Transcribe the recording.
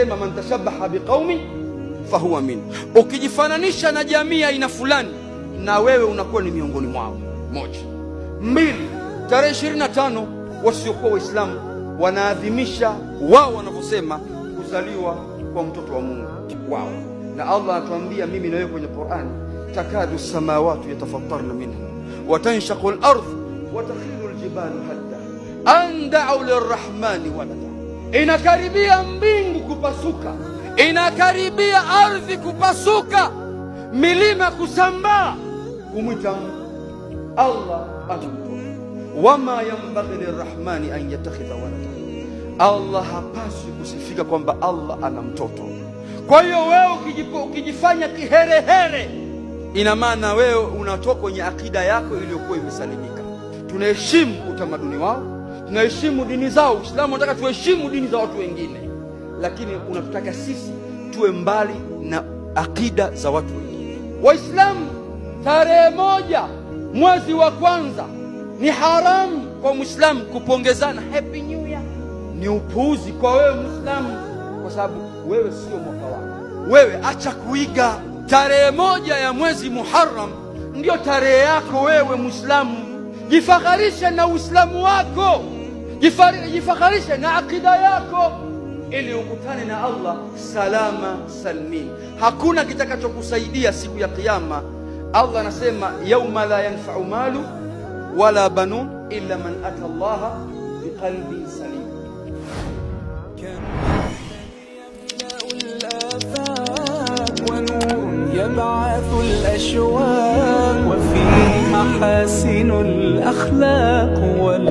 anasema man tashabaha biqaumi fahuwa min, ukijifananisha na jamii aina fulani na wewe unakuwa ni miongoni mwao. Moja. Mbili, tarehe ishirini na tano wasiokuwa Waislamu wanaadhimisha wao wanavyosema kuzaliwa kwa mtoto wa Mungu wao, na Allah anatuambia mimi na wewe kwenye quran takadu samawati yatafattarna minhu watanshaqu al-ardh watakhiru al-jibalu hadda an da'u lirrahmani walada, inakaribia mbingu kupasuka, inakaribia ardhi kupasuka, milima kusambaa, kumwita Allah anamtoa. Wama yambaghi lirrahmani an yatakhidha walada, Allah hapaswi kusifika kwamba Allah ana mtoto. Kwa hiyo wewe ukijifanya kiherehere, ina maana wewe unatoka kwenye akida yako iliyokuwa imesalimika. Tunaheshimu utamaduni wao, tunaheshimu dini zao. Uislamu unataka tuheshimu dini za watu wengine lakini unatutaka sisi tuwe mbali na akida za watu wengine. Waislamu, tarehe moja mwezi wa kwanza ni haramu kwa mwislamu kupongezana happy new year. Ni upuuzi kwa wewe mwislamu, kwa sababu wewe sio mwaka wako. Wewe acha kuiga. Tarehe moja ya mwezi Muharram ndiyo tarehe yako wewe mwislamu. Jifakharishe na uislamu wako, jifakharishe na akida yako. ili ukutane na Allah salama salmin. Hakuna kitakachokusaidia siku ya Kiyama. Allah anasema yauma la yanfau malu wala banun illa man ata Allah biqalbin salim. يبعث الأشواق وفي محاسن الأخلاق وال